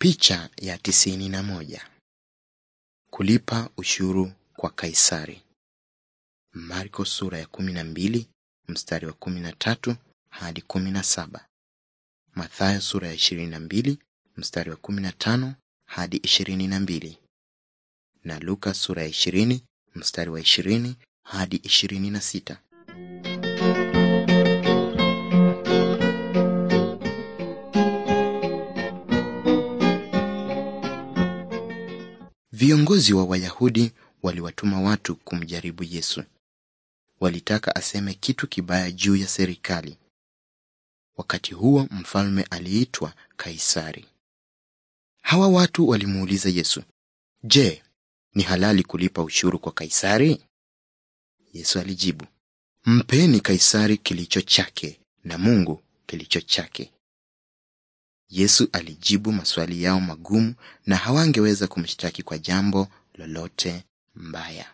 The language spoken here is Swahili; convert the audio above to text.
Picha ya tisini na moja. Kulipa ushuru kwa Kaisari. Marko sura ya kumi na mbili mstari wa kumi na tatu hadi kumi na saba. Mathayo sura ya ishirini na mbili mstari wa kumi na tano hadi ishirini na mbili na Luka sura ya ishirini mstari wa ishirini hadi ishirini na sita. Viongozi wa Wayahudi waliwatuma watu kumjaribu Yesu. Walitaka aseme kitu kibaya juu ya serikali. Wakati huo mfalme aliitwa Kaisari. Hawa watu walimuuliza Yesu, "Je, ni halali kulipa ushuru kwa Kaisari?" Yesu alijibu, "Mpeni Kaisari kilicho chake na Mungu kilicho chake." Yesu alijibu maswali yao magumu na hawangeweza kumshtaki kwa jambo lolote mbaya.